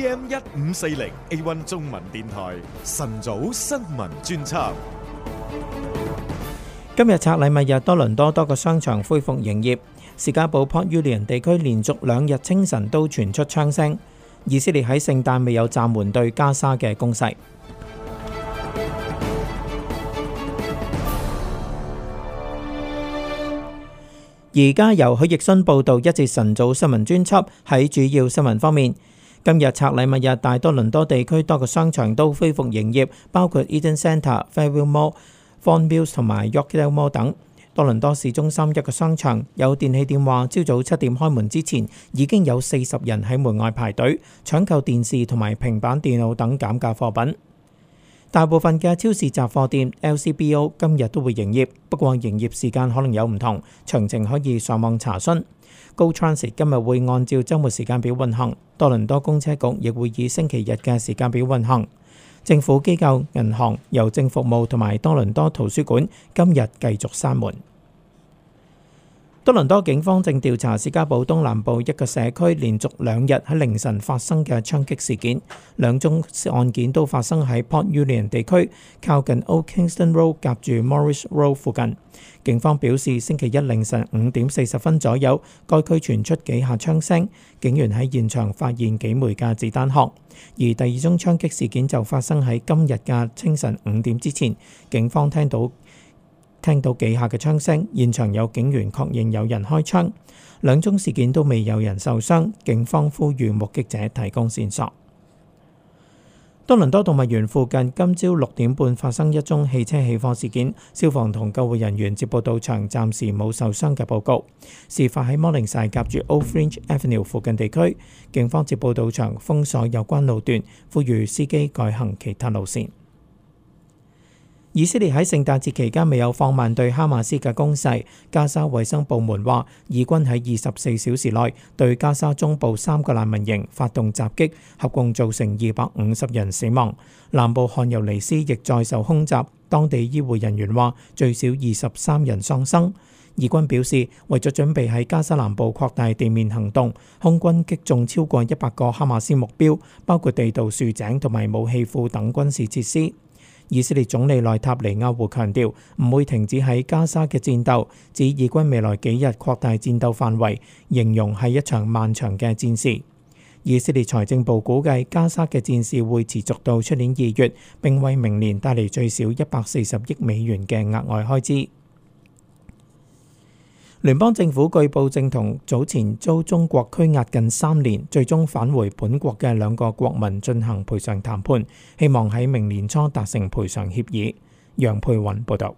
AM 一五四零 A1 中文電台晨早新聞專輯。今日拆禮物日，多倫多多個商場恢復營業。士嘉堡 Port Union 地區連續兩日清晨都傳出槍聲。以色列喺聖誕未有暫緩對加沙嘅攻勢。 而家由許奕迅報道一節晨早新聞專輯。喺主要新聞方面，今日拆禮物日，大多倫多地區多個商場都恢復營業，包括 Eden Centre Fair、Fairview Mall、Vaughan Mills 同埋 Yorkdale Mall 等。多倫多市中心一個商場有電器店話，朝早七點開門之前已經有四十人喺門外排隊搶購電視同埋平板電腦等減價貨品。大部分嘅超市雜貨店 LCBO 今日都會營業，不過營業時間可能有唔同，詳情可以上網查詢。GO Transit 今日會按照週末時間表運行，多倫多公車局亦會以星期日嘅時間表運行。政府機構、銀行、郵政服務同埋多倫多圖書館今日繼續閂門。多倫多警方正調查士嘉堡東南部一個社區連續兩日喺凌晨發生嘅槍擊事件，兩宗案件都發生喺 Port Union 地區，靠近 Kingston Road 夾住 Morris Road 附近。警方表示，星期一凌晨五點四十分左右，該區傳出幾下槍聲，警員喺現場發現幾枚嘅子彈殼。而第二宗槍擊事件就發生喺今日嘅清晨五點之前，警方聽到。聽到幾下嘅槍聲，現場有警員確認有人開槍，兩宗事件都未有人受傷，警方呼籲目擊者提供線索。多倫多動物園附近今朝六點半發生一宗汽車起火事件，消防同救護人員接報到場，暫時冇受傷嘅報告。事發喺 Morningside 夾住 Old French Avenue 附近地區，警方接報到場，封鎖有關路段，呼籲司機改行其他路線。以色列喺聖誕節期間未有放慢對哈馬斯嘅攻勢。加沙衞生部門話，以軍喺二十四小時內對加沙中部三個難民營發動襲擊，合共造成二百五十人死亡。南部漢尤尼斯亦再受空襲，當地醫護人員話最少二十三人喪生。以軍表示，為咗準備喺加沙南部擴大地面行動，空軍擊中超過一百個哈馬斯目標，包括地道、樹井同埋武器庫等軍事設施。以色列總理內塔尼亞胡強調唔會停止喺加沙嘅戰鬥，指以軍未來幾日擴大戰鬥範圍，形容係一場漫長嘅戰事。以色列財政部估計，加沙嘅戰事會持續到出年二月，並為明年帶嚟最少一百四十億美元嘅額外開支。聯邦政府據報正同早前遭中國拘押近三年、最終返回本國嘅兩個國民進行賠償談判，希望喺明年初達成賠償協議。楊佩雲報導。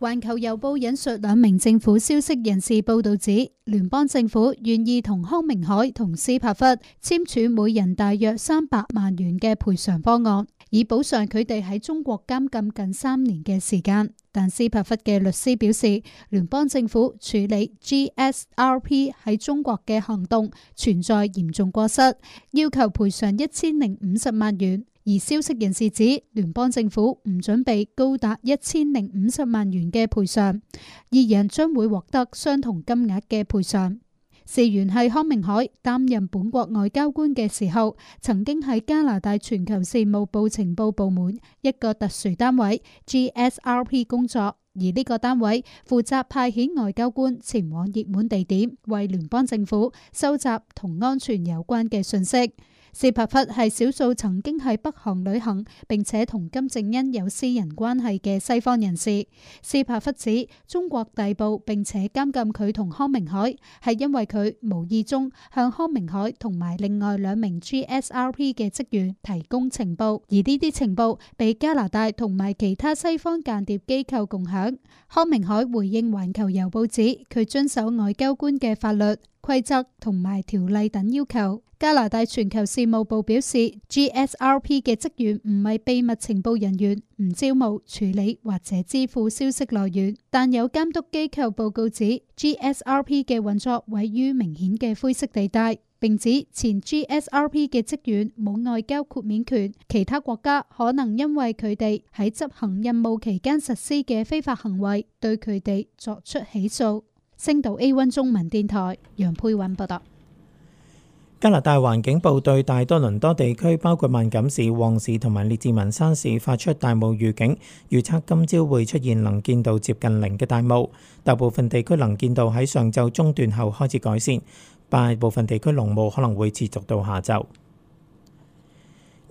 《環球郵報》引述兩名政府消息人士報導指，聯邦政府願意同康明凱同斯帕弗簽署每人大約三百萬元嘅賠償方案。以補償佢哋喺中國監禁近三年嘅時間，但斯帕弗嘅律師表示，聯邦政府處理 GSRP 喺中國嘅行動存在嚴重過失，要求賠償一千零五十萬元。而消息人士指，聯邦政府唔準備高達一千零五十萬元嘅賠償，二人將會獲得相同金額嘅賠償。事源係康明凱擔任本國外交官嘅時候，曾經喺加拿大全球事務部情報部門一個特殊單位 GSRP 工作，而呢個單位負責派遣外交官前往熱門地點，為聯邦政府收集同安全有關嘅信息。斯帕弗係少數曾經喺北韓旅行並且同金正恩有私人關係嘅西方人士。斯帕弗指中國逮捕並且監禁佢同康明凱，係因為佢無意中向康明凱同埋另外兩名 GSRP 嘅職員提供情報，而呢啲情報被加拿大同埋其他西方間諜機構共享。康明凱回應環球郵報指，佢遵守外交官嘅法律，規則同埋條例等要求，加拿大全球事務部表示，GSRP 嘅職員唔係秘密情報人員，唔招募、處理或者支付消息來源。但有監督機構報告指，GSRP 嘅運作位於明顯嘅灰色地帶，並指前 GSRP 嘅職員冇外交豁免權，其他國家可能因為佢哋喺執行任務期間實施嘅非法行為，對佢哋作出起訴。星島 A o 中文電台楊佩雲報道：加拿大環境部對大多倫多地區，包括曼景市、旺市同埋列治文山市，發出大霧預警，預測今朝會出現能見度接近零嘅大霧。大部分地區能見度喺上晝中斷後開始改善，大部分地區濃霧可能會持續到下晝。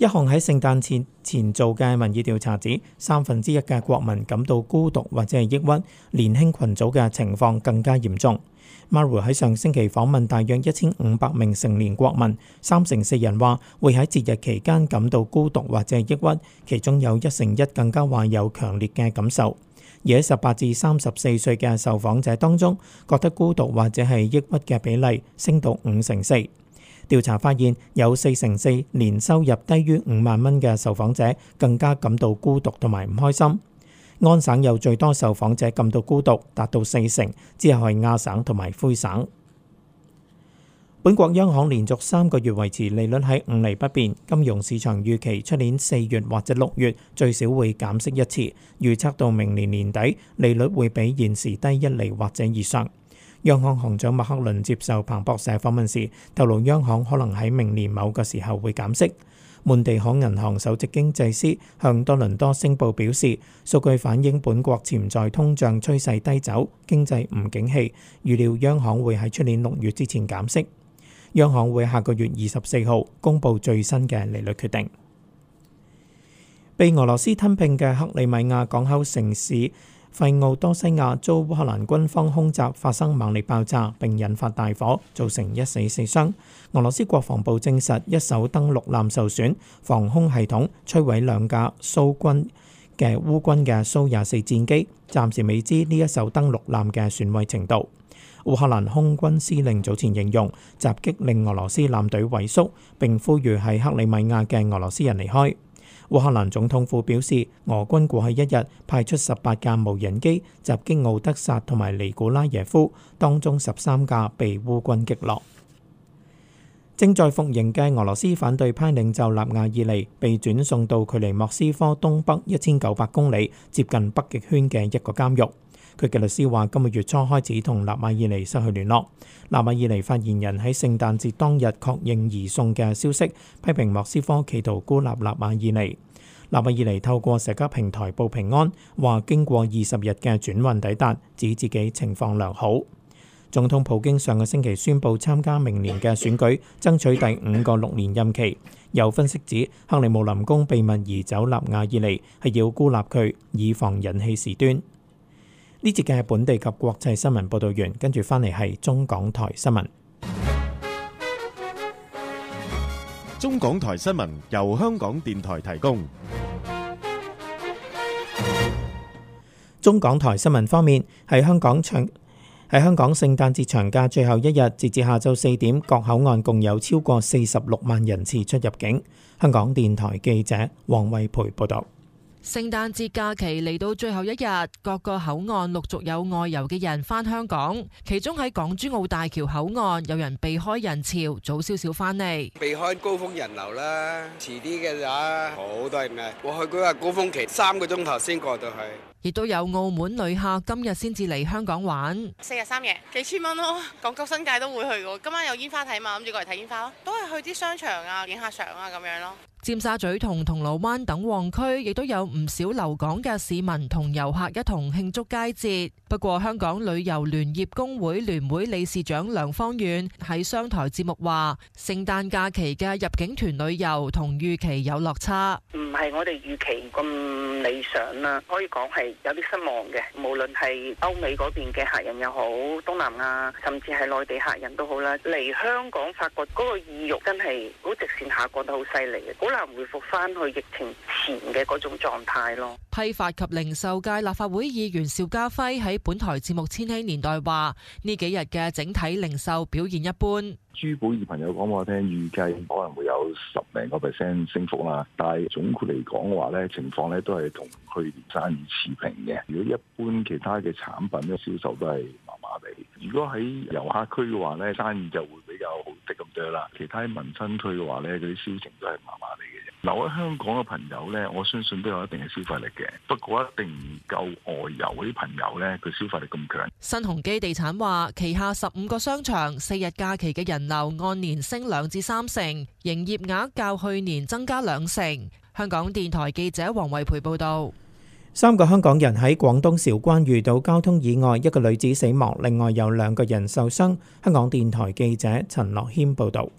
一項喺聖誕前前做嘅民意調查指，三分之一嘅國民感到孤獨或者係抑鬱，年輕群組嘅情況更加嚴重。Maru 喺上星期訪問大約一千五百名成年國民，三成四人話會喺節日期間感到孤獨或者係抑鬱，其中有一成一更加話有強烈嘅感受。而喺十八至三十四歲嘅受訪者當中，覺得孤獨或者係抑鬱嘅比例升到五成四。調查發現有四成四年收入低於五萬蚊嘅受訪者更加感到孤獨同埋唔開心。安省有最多受訪者感到孤獨，達到四成，之後係亞省同埋灰省。本國央行連續三個月維持利率喺五厘不變，金融市場預期出年四月或者六月最少會減息一次，預測到明年年底利率會比現時低一厘或者以上。央行行長麥克倫接受彭博社訪問時，透露央行可能喺明年某個時候會減息。滿地可銀行首席經濟師向多倫多星報表示，數據反映本國潛在通脹趨勢低走，經濟唔景氣，預料央行會喺出年六月之前減息。央行會下個月二十四號公佈最新嘅利率決定。被俄羅斯吞併嘅克里米亞港口城市，費奧多西亞遭烏克蘭軍方空襲，發生猛烈爆炸並引發大火，造成一死四傷。俄羅斯國防部證實，一艘登陸艦受損，防空系統摧毀兩架蘇軍嘅烏軍嘅蘇廿四戰機，暫時未知呢一艘登陸艦嘅損毀程度。烏克蘭空軍司令早前形容，襲擊令俄羅斯艦隊萎縮，並呼籲喺克里米亞嘅俄羅斯人離開。烏克蘭總統府表示，俄軍過去一日派出十八架無人機襲擊敖德薩同埋尼古拉耶夫，當中十三架被烏軍擊落。正在服刑嘅俄羅斯反對派領袖納瓦爾尼被轉送到距離莫斯科東北一千九百公里、接近北極圈嘅一個監獄。佢嘅律師話：今個月初開始同納瓦爾尼失去聯絡。納瓦爾尼發言人喺聖誕節當日確認移送嘅消息，批評莫斯科企圖孤立納瓦爾尼。納瓦爾尼透過社交平台報平安，話經過二十日嘅轉運抵達，指自己情況良好。總統普京上個星期宣布參加明年嘅選舉，爭取第五個六年任期。有分析指，克里姆林宮秘密移走納瓦爾尼係要孤立佢，以防引起事端。呢節嘅係本地及國際新聞報道員，跟住翻嚟係中港台新聞。中港台新聞由香港電台提供。中港台新聞方面，喺香港長喺香港聖誕節長假最後一日，截至下晝四點，各口岸共有超過四十六萬人次出入境。香港電台記者黃慧培報道。聖誕節假期嚟到最後一日，各個口岸陸續有外遊嘅人返香港，其中喺港珠澳大橋口岸有人避開人潮，早少少返嚟，避開高峰人流啦，遲啲嘅咋，好多人嘅，我去嗰日高峰期三個鐘頭先過到去，亦都有澳門旅客今日先至嚟香港玩，四日三夜，幾千蚊咯，港九新界都會去嘅，今晚有煙花睇嘛，諗住過嚟睇煙花咯，都係。去啲商場啊，影下相啊，咁樣咯。尖沙咀同銅鑼灣等旺區，亦都有唔少留港嘅市民同遊客一同慶祝佳節。不過，香港旅遊聯業工會聯會理事長梁芳遠喺商台節目話：聖誕假期嘅入境團旅遊同預期有落差，唔係我哋預期咁理想啦，可以講係有啲失望嘅。無論係歐美嗰邊嘅客人又好，東南亞甚至係內地客人都好啦，嚟香港發掘嗰個意欲。真係好直線下降得好犀利，好難回復翻去疫情前嘅嗰種狀態咯。批發及零售界立法會議員邵家輝喺本台節目《千禧年代》話，呢幾日嘅整體零售表現一般。珠寶業朋友講我聽，預計可能會有十零個 percent 升幅啦，但係總括嚟講嘅話咧，情況咧都係同去年生意持平嘅。如果一般其他嘅產品嘅銷售都係麻麻地。如果喺遊客區嘅話咧，生意就會。的咁多啦，其他喺民生區嘅話呢，嗰啲銷情都係麻麻地嘅。留喺香港嘅朋友呢，我相信都有一定嘅消費力嘅，不過一定唔夠外遊嗰啲朋友呢，佢消費力咁強。新鴻基地產話，旗下十五個商場四日假期嘅人流按年升兩至三成，營業額較去年增加兩成。香港電台記者黃惠培報道。三個香港人喺廣東韶關遇到交通意外，一個女子死亡，另外有兩個人受傷。香港電台記者陳樂謙報道。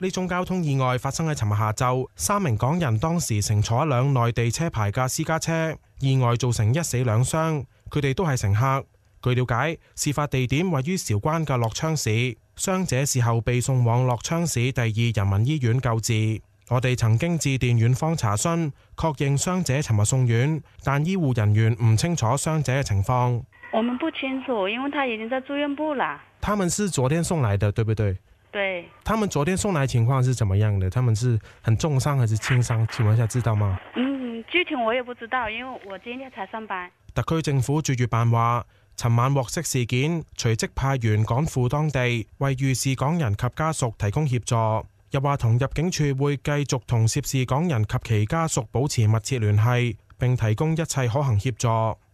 呢宗交通意外發生喺尋日下晝，三名港人當時乘坐一輛內地車牌嘅私家車，意外造成一死兩傷。佢哋都係乘客。據了解，事發地點位於韶關嘅樂昌市，傷者事後被送往樂昌市第二人民醫院救治。我哋曾經致電院方查詢，確認傷者尋日送院，但醫護人員唔清楚傷者嘅情況。我們不清楚，因為他已經在住院部啦。他們是昨天送來的，對不對？對。他們昨天送來的情況是怎麼樣的？他們是很重傷還是輕傷？請問一下知道嗎？嗯，具體我也不知道，因為我今天才上班。特區政府駐粵辦話，尋晚獲悉事件，隨即派員趕赴當地，為遇事港人及家屬提供協助。又話同入境處會繼續同涉事港人及其家屬保持密切聯繫，並提供一切可行協助。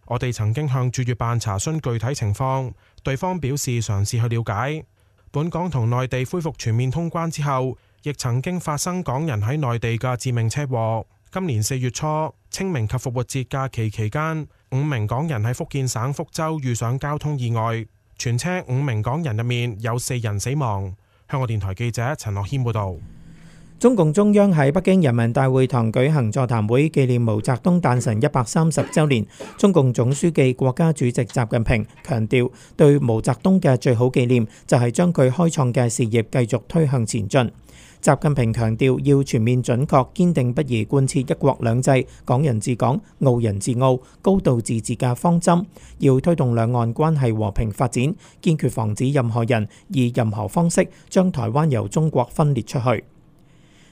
我哋曾經向駐粵辦查詢具體情況，對方表示嘗試去了解。本港同內地恢復全面通關之後，亦曾經發生港人喺內地嘅致命車禍。今年四月初，清明及復活節假期期間，五名港人喺福建省福州遇上交通意外，全車五名港人入面有四人死亡。香港電台記者陳樂謙報道，中共中央喺北京人民大會堂舉行座談會，紀念毛澤東誕辰一百三十周年。中共總書記、國家主席習近平強調，對毛澤東嘅最好紀念，就係將佢開創嘅事業繼續推向前進。習近平強調，要全面準確、堅定不移貫徹“一國兩制”、“港人治港”、“澳人治澳”、高度自治嘅方針，要推動兩岸關係和平發展，堅決防止任何人以任何方式將台灣由中國分裂出去。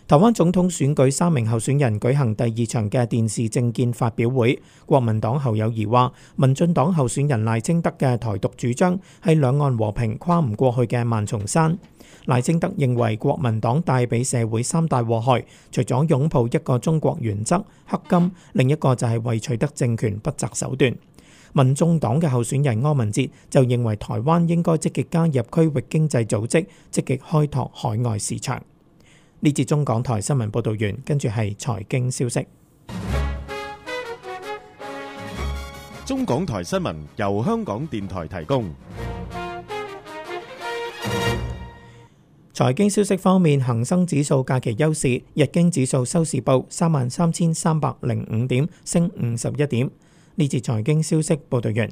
台灣總統選舉三名候選人舉行第二場嘅電視政見發表會，國民黨侯友宜話：民進黨候選人賴清德嘅台獨主張係兩岸和平跨唔過去嘅萬重山。賴清德認為國民黨帶俾社會三大禍害，除咗擁抱一個中國原則黑金，另一個就係為取得政權不擇手段。民眾黨嘅候選人柯文哲就認為台灣應該積極加入區域經濟組織，積極開拓海外市場。呢節中港台新聞報道完，跟住係財經消息。中港台新聞由香港電台提供。財經消息方面，恒生指數假期休市，日經指數收市報三萬三千三百零五點，升五十一點。呢節財經消息報道完。